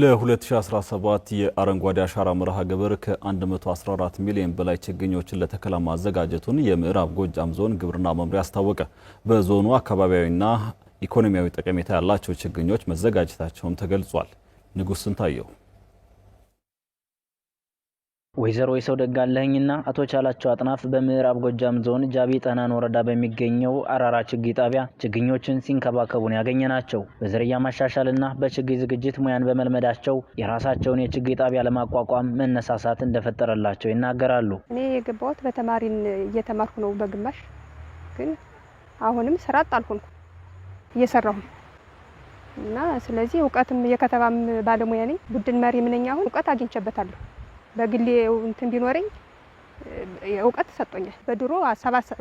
ለ2017 የአረንጓዴ አሻራ መርሃ ግብር ከ114 ሚሊዮን በላይ ችግኞችን ለተከላ ማዘጋጀቱን የምዕራብ ጎጃም ዞን ግብርና መምሪያ አስታወቀ። በዞኑ አካባቢያዊና ኢኮኖሚያዊ ጠቀሜታ ያላቸው ችግኞች መዘጋጀታቸውም ተገልጿል። ንጉሥ ስንታየው ወይዘሮ የሰው ደጋለህኝና አቶ ቻላቸው አጥናፍ በምዕራብ ጎጃም ዞን ጃቢ ጠህናን ወረዳ በሚገኘው አራራ ችግኝ ጣቢያ ችግኞችን ሲንከባከቡን ያገኘ ናቸው። በዝርያ ማሻሻልና በችግኝ ዝግጅት ሙያን በመልመዳቸው የራሳቸውን የችግኝ ጣቢያ ለማቋቋም መነሳሳት እንደፈጠረላቸው ይናገራሉ። እኔ የገባሁት በተማሪን እየተማርኩ ነው። በግማሽ ግን አሁንም ስራ አጥ እየሰራሁ እና ስለዚህ እውቀትም የከተማም ባለሙያ ነኝ። ቡድን መሪ ምነኛ አሁን እውቀት አግኝቼበታለሁ። በግሌ እንትን ቢኖረኝ እውቀት ሰጦኛል። በድሮ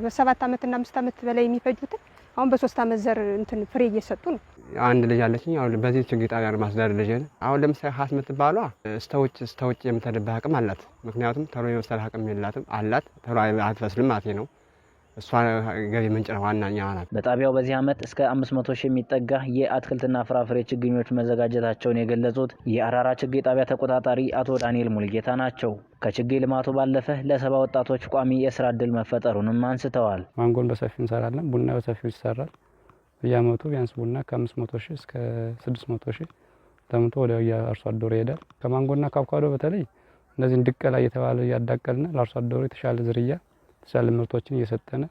በሰባት ዓመትና አምስት ዓመት በላይ የሚፈጁትን አሁን በሶስት ዓመት ዘር እንትን ፍሬ እየሰጡ ነው። አንድ ልጅ አለችኝ። አሁን በዚህ ችግኝ ጣቢያ ማስዳር ልጅ አሁን ለምሳሌ ሀስ የምትባሏ ስተውጭ ስተውጭ የምትሄድበት አቅም አላት። ምክንያቱም ተሎ የመሰለ አቅም የላትም አላት። ተሎ አትፈስልም ማለት ነው እሷ ገቢ ምንጭ ዋናኛ ናት። በጣቢያው በዚህ ዓመት እስከ 500 ሺህ የሚጠጋ የአትክልትና ፍራፍሬ ችግኞች መዘጋጀታቸውን የገለጹት የአራራ ችግኝ ጣቢያ ተቆጣጣሪ አቶ ዳንኤል ሙልጌታ ናቸው። ከችግኝ ልማቱ ባለፈ ለሰባ ወጣቶች ቋሚ የስራ እድል መፈጠሩንም አንስተዋል። ማንጎን በሰፊው እንሰራለን። ቡና በሰፊው ይሰራል። በየዓመቱ ቢያንስ ቡና ከ500 ሺህ እስከ 600 ሺህ ተምቶ ወደ አርሶ አደሩ ይሄዳል። ከማንጎና ከአቮካዶ በተለይ እነዚህ ድቀላ እየተባለ እያዳቀልና ለአርሶ አደሩ የተሻለ ዝርያ የተሻለ ምርቶችን እየሰጠነ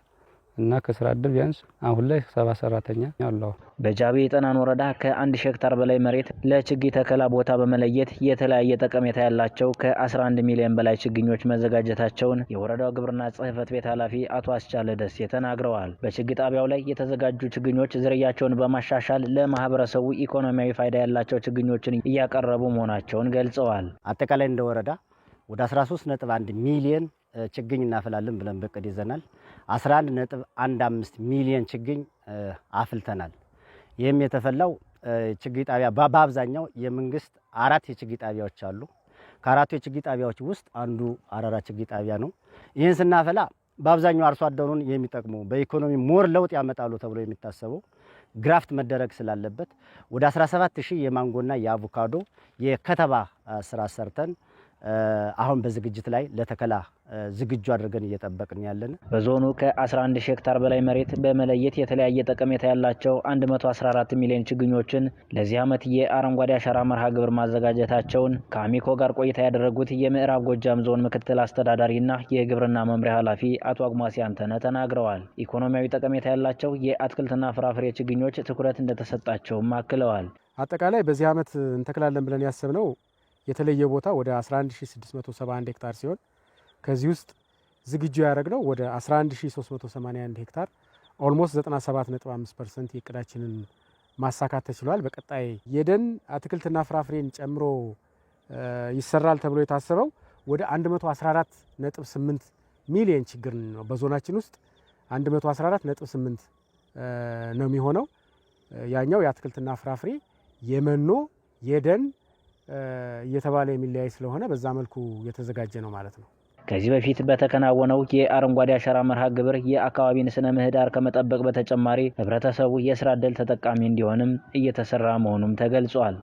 እና ከስራ እድል ቢያንስ አሁን ላይ ሰባ ሰራተኛ አለው። በጃቢ የጠናን ወረዳ ከአንድ ሺህ ሄክታር በላይ መሬት ለችግኝ ተከላ ቦታ በመለየት የተለያየ ጠቀሜታ ያላቸው ከ11 ሚሊዮን በላይ ችግኞች መዘጋጀታቸውን የወረዳው ግብርና ጽሕፈት ቤት ኃላፊ አቶ አስቻለ ደሴ ተናግረዋል። በችግኝ ጣቢያው ላይ የተዘጋጁ ችግኞች ዝርያቸውን በማሻሻል ለማህበረሰቡ ኢኮኖሚያዊ ፋይዳ ያላቸው ችግኞችን እያቀረቡ መሆናቸውን ገልጸዋል። አጠቃላይ እንደ ወረዳ ወደ 13.1 ሚሊዮን ችግኝ እናፈላለን ብለን በቅድ ይዘናል። 11ነ15 ሚሊዮን ችግኝ አፍልተናል። ይህም የተፈላው ችግኝ ጣቢያ በአብዛኛው የመንግስት አራት የችግኝ ጣቢያዎች አሉ። ከአራቱ የችግኝ ጣቢያዎች ውስጥ አንዱ አራራ ችግኝ ጣቢያ ነው። ይህን ስናፈላ በአብዛኛው አርሶ አደሩን የሚጠቅሙ በኢኮኖሚ ሞር ለውጥ ያመጣሉ ተብሎ የሚታሰቡ ግራፍት መደረግ ስላለበት ወደ 17 ሺህ የማንጎና የአቮካዶ የከተባ ስራ ሰርተን አሁን በዝግጅት ላይ ለተከላ ዝግጁ አድርገን እየጠበቅን ያለን። በዞኑ ከ11 ሺህ ሄክታር በላይ መሬት በመለየት የተለያየ ጠቀሜታ ያላቸው 114 ሚሊዮን ችግኞችን ለዚህ ዓመት የአረንጓዴ አሻራ መርሃ ግብር ማዘጋጀታቸውን ከአሚኮ ጋር ቆይታ ያደረጉት የምዕራብ ጎጃም ዞን ምክትል አስተዳዳሪና የግብርና መምሪያ ኃላፊ አቶ አግማሲ አንተነ ተናግረዋል። ኢኮኖሚያዊ ጠቀሜታ ያላቸው የአትክልትና ፍራፍሬ ችግኞች ትኩረት እንደተሰጣቸውም አክለዋል። አጠቃላይ በዚህ ዓመት እንተክላለን ብለን ያሰብነው የተለየ ቦታ ወደ 11671 ሄክታር ሲሆን ከዚህ ውስጥ ዝግጁ ያደረግነው ወደ 11381 ሄክታር ኦልሞስት 97.5 ፐርሰንት የእቅዳችንን ማሳካት ተችሏል። በቀጣይ የደን አትክልትና ፍራፍሬን ጨምሮ ይሰራል ተብሎ የታሰበው ወደ 114.8 ሚሊየን ችግር ነው። በዞናችን ውስጥ 114.8 ነው የሚሆነው። ያኛው የአትክልትና ፍራፍሬ፣ የመኖ፣ የደን እየተባለ የሚለያይ ስለሆነ በዛ መልኩ የተዘጋጀ ነው ማለት ነው። ከዚህ በፊት በተከናወነው የአረንጓዴ አሻራ መርሃ ግብር የአካባቢን ስነ ምህዳር ከመጠበቅ በተጨማሪ ህብረተሰቡ የስራ ዕድል ተጠቃሚ እንዲሆንም እየተሰራ መሆኑም ተገልጿል።